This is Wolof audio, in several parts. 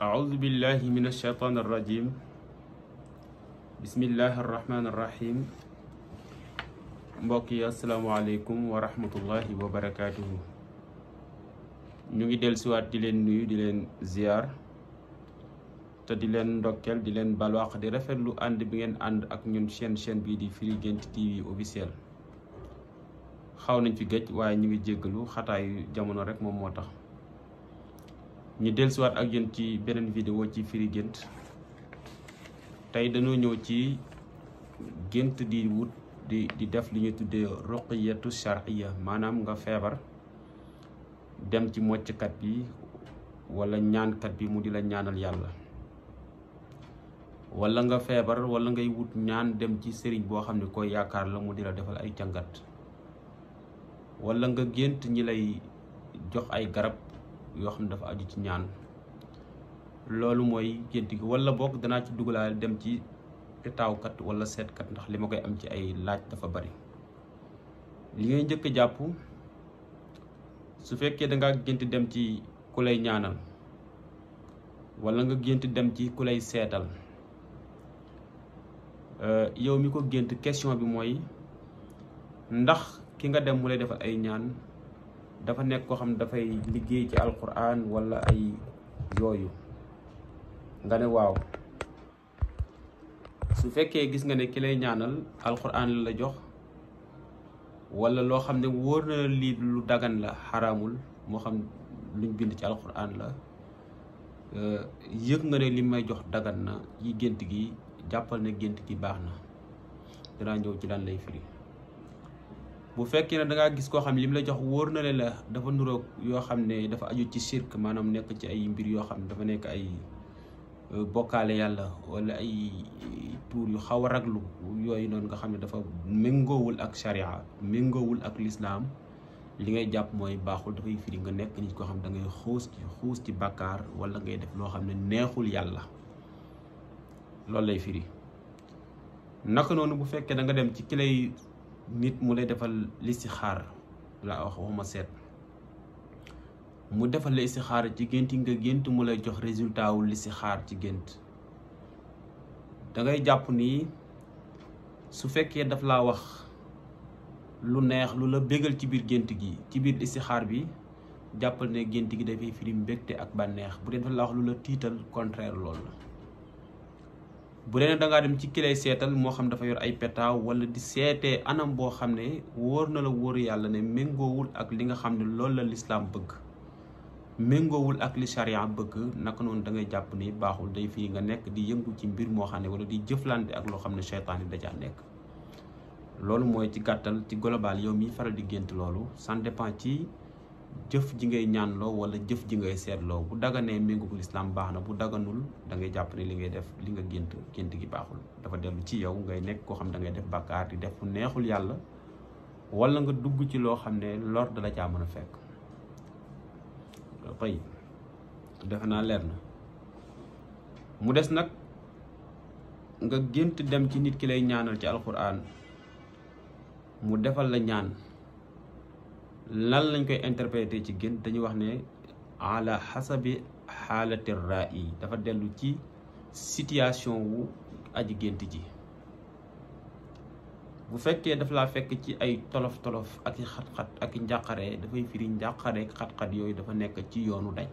أعوذ بالله من الشيطان الرجيم بسم الله الرحمن الرحيم mbokk yi asalaamaaleykum wa rahmatullahi wa barakaatuhu ñu ngi dellusiwaat di leen nuyu di leen ziar te di leen ndokkeel di leen balwaax di rafetlu ànd bi ngeen ànd ak ñun chaîne chaîne bii di Firi Guent TV officiel xaw nañ fi gëj waaye ñu ngi jéggalu xataayu jamono rek moom moo tax ñu dellusiwaat ak yéen ci beneen vidéo ci firi gént tey dañoo ñëw ci gént di wut di di def li ñu tuddee ruqyatu shar'iyya maanaam nga feebar dem ci mocckat bi wala ñaankat bi mu di la ñaanal yàlla wala nga feebar wala ngay wut ñaan dem ci sëriñ boo xam ne koy yaakaar la mu di la defal ay cangat wala nga gént ñi lay jox ay garab yoo xam ne dafa aju ci ñaan loolu mooy gént gi walla bokk danaa ci dugalaal dem ci petaawkat wala seetkat ndax li ma koy am ci ay laaj dafa bari li ngay njëkk a jàpp su fekkee da gént dem ci ku lay ñaanal wala nga gént dem ci ku lay seetal eh, yow mi ko gént question bi mooy ndax ki nga dem mu lay defal ay ñaan dafa nekk koo xam ne dafay liggéey ci alquran walla ay yooyu nga ne waaw su fekkee gis nga ne ki lay ñaanal alquran la la jox walla loo xam ne wóor na lii lu dagan la xaraamul moo xam luñ bind ci alquran la euh, yëg nga ne li may jox dagan na yi gént gi jàppal ne gént gi baax na dinaa ñëw ci lan lay firi bu fekkee ne da ngaa gis koo xam ne li mu la jox wóor na le la dafa nuroog yoo xam ne dafa aju ci sirk maanaam nekk ci ay mbir yoo xam ne dafa nekk ay euh, bokkaale yàlla wala ay tuur yu xaw a raglu yooyu noonu nga xam ne dafa méngoowul ak sharia méngoowul ak lislaam li ngay jàpp mooy baaxul dafay firi nga nekk nit koo xam ne dangay xuus ci xuus ci bàkkaar wala ngay def loo xam ne neexul yàlla loolu lay firi naka noonu bu fekkee da dem ci ki nit mu lay defal xaar laa wax waxuma seet mu defal la xaar ci gént yi nga gént mu lay jox résultat wu xaar ci gént dangay jàpp nii su fekkee daf laa wax lu neex lu la bégal ci biir gént gi ci biir xaar bi jàppal ne gént gi dafay firi mbégte ak bànneex bu dee dafa la wax lu la tiital contraire lool la bu dee da ngaa dem ci kilay seetal moo xam dafa yor ay petaaw wala di seetee anam boo xam ne wóor na la wóor yàlla ne méngoowul ak li nga xam ne loolu la lislaam bëgg méngoowul ak li charia bëgg naka noonu da ngay jàpp ni baaxul day fii nga nekk di yëngu ci mbir moo xam ne wala di jëflante ak loo xam ne seytaane da caa nekk loolu mooy ci gàttal ci global yow mi faral di gént loolu ça dépend ci jëf ji ngay ñaanloo wala jëf ji ngay seetloo bu daganee méngugul islam baax na bu daganul da ngay jàpp ne li ngay def li nga gént gént gi baaxul dafa dellu ci yow ngay nekk koo xam ne dangay def bàkkaar di def neexul yàlla wala nga dugg ci loo xam ne lor dala caa mën a fekk tey defe leer na mu des nag nga gént dem ci nit ki lay ñaanal ci alquran mu defal la ñaan lan lañ koy interpréter ci génn dañuy wax ne ala xasabi xaalati ra'i dafa dellu ci situation wu aji gént ji bu fekkee daf laa fekk ci ay tolof-tolof ak xat-xat njàqare dafay firi njàqare ak yooyu dafa nekk ci yoonu dañ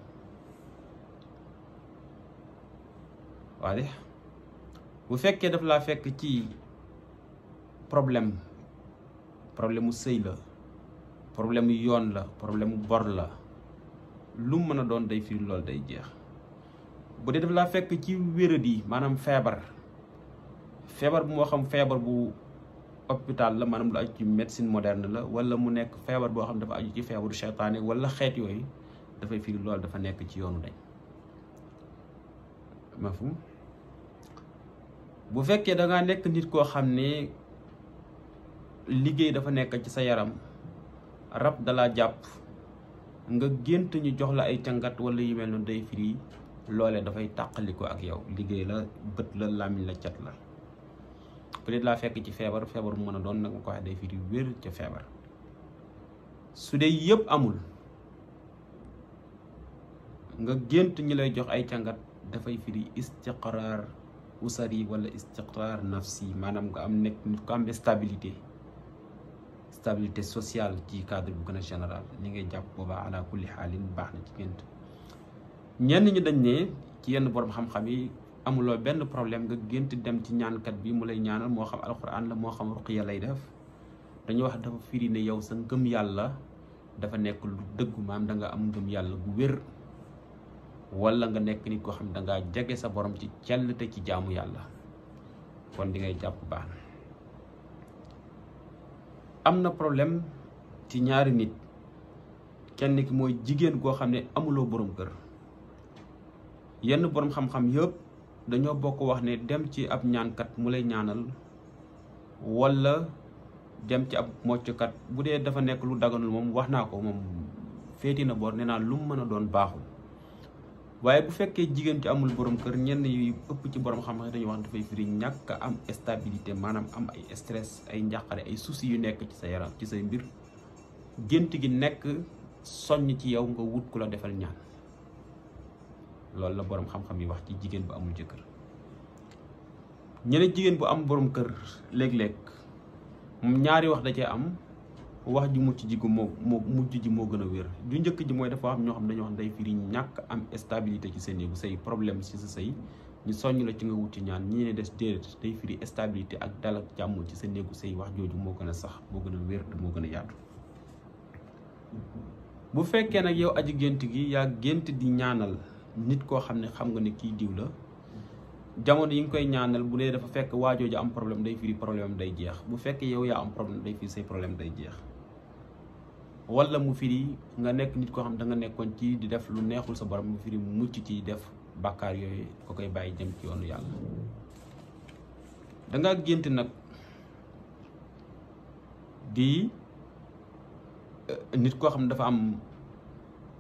waale bu fekkee daf laa fekk ci problème problème mu sëy la problème yoon la problème bor la lu mën a doon day fiir lool day jeex bu dee daf laa fekk ci wéradi maanaam feebar feebar bu moo xam feebar bu hôpital la maanaam lu aju ci médecine moderne la wala mu nekk feebar boo xam dafa aju ci feebaru seytaane wala xeet yooyu dafay fiir lool dafa nekk ci yoonu dañ mafum bu fekkee da ngaa nekk nit koo xam ne liggéey dafa nekk ci sa yaram rab dala jàpp nga gént ñu jox la ay càngat walla yu mel na day firi loole dafay tàqaliko ak yow liggéey la bët la làmmiñ la cat la peut-être laa fekk ci feebar feebar mu mën a doon nag ma ko waxee day firi wér ca feebar su dee yëpp amul nga gént ñu lay jox ay càngat dafay firi istiqraar usari wala istiqraar nafsi maanaam nga am nekk nit ko am stabilité stabilité sociale ci cadre bu gën a général li ngay jàpp boobaa ala kulli xaalin baax na ci gént ñenn ñi dañ ne ci yenn borom xam-xam yi amuloo benn problème nga gént dem ci ñaankat bi mu lay ñaanal moo xam alxuraan la moo xam ruqiya lay def dañu wax dafa firi ne yow sa ngëm yàlla dafa nekk lu dëggu maam da nga am ngëm yàlla gu wér wala nga nekk nit koo xam ne da ngaa jege sa boroom ci cell te ci jaamu yàlla kon di jàpp baax na am na problème ci ñaari nit kenn ki mooy jigéen goo xam ne amuloo borom kër yenn boroom xam-xam yëpp dañoo bokk wax ne dem ci ab ñaankat mu lay ñaanal walla dem ci ab mocckat bu dee dafa nekk lu daganul moom wax naa ko moom féeti na boor nee naa lu mu mën a doon baaxul waaye bu fekkee jigéen ci amul borom kër ñenn yu ëpp ci borom xam-xam dañuy wax dafay firi ñàkk am stabilité maanaam am ay stress ay njàqare ay soucis yu nekk ci sa yaram ci say mbir gént gi nekk soññ ci yow nga wut ku la defal ñaan loolu la boroom xam-xam yi wax ci jigéen bu amul jëkkër ñeneen jigéen bu am borom kër léeg-léeg ñaari wax da cee am. wax ju mucc ji gu moo moo mujj ji moo gën a wér ju njëkk ji mooy dafa am ñoo xam ne dañoo xam day firi ñàkk am stabilité ci seen yëgu say problème ci sa sëy ñu soññ la ci nga wuti ñaan ñi ne des déedéet day firi stabilité ak dal ak jàmm ci sa néegu sëy wax jooju moo gën a sax moo gën a wér te moo gën a yaatu bu fekkee nag yow aji gént gi yaa gént di ñaanal nit koo xam ne xam nga ne kii diw la jamono yi nga koy ñaanal bu dee dafa fekk waajooju am problème day firi problème day jeex bu fekkee yow yaa am problème day firi problème day jeex wala mu firi nga nekk nit koo xam da nga nekkoon ci di def lu neexul sa borom mu firi mucc ci def bàkkaar yooyu ko koy bàyyi jëm ci yoonu yàlla danga gént nag di eh, nit koo xam dafa am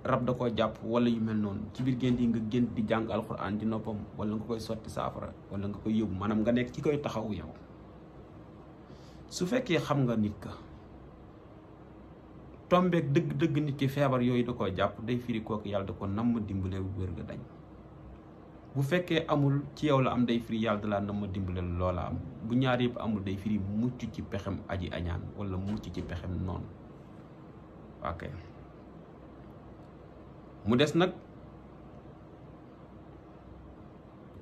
rab da koo jàpp wala yu mel noonu ci biir gént yi nga gént di jàng alxuraan ci noppam wala nga koy sotti saafara walla nga koy yóbbu maanaam nga nekk ci koy taxaw yow su fekkee xam nga nit ka tombeek dëgg-dëgg nit ki feebar yooyu da koo jàpp day firi kooku yàlla da ko namm dimbale wér nga dañ bu fekkee amul ci yow la am day firi yàlla da namm dimbale loola am bu ñaar yëpp amul day firi mucc ci pexem aji añaan wala mucc ci pexem noonu ok mu des nag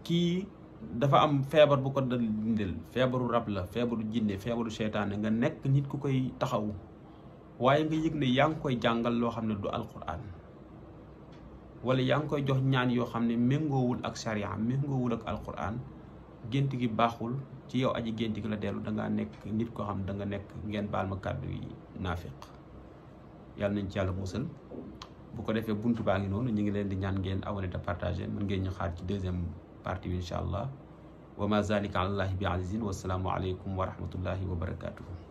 kii dafa am feebar bu ko dal dindel feebaru rab la feebaru jinne feebaru seytaane nga nekk nit ku koy taxaw waaye nga yëg ne yaa ngi koy jàngal loo xam ne du alquran wala yaa ngi koy jox ñaan yoo xam ne méngoowul ak sharia méngoowul ak alquran gént gi baaxul ci yow aji gént gi la dellu da ngaa nekk nit koo xam ne da nga nekk ngeen baal ma kàddu yi naafiq yàlla nañ ci yàlla musal bu ko defee buntu baa ngi noonu ñu ngi leen di ñaan ngeen abonné te partagé mën ngeen ñu xaar ci deuxième partie bi incha allah wa ma zalika alallahi bi azizin wasalaamu aleykum wa rahmatullahi wa barakatuhu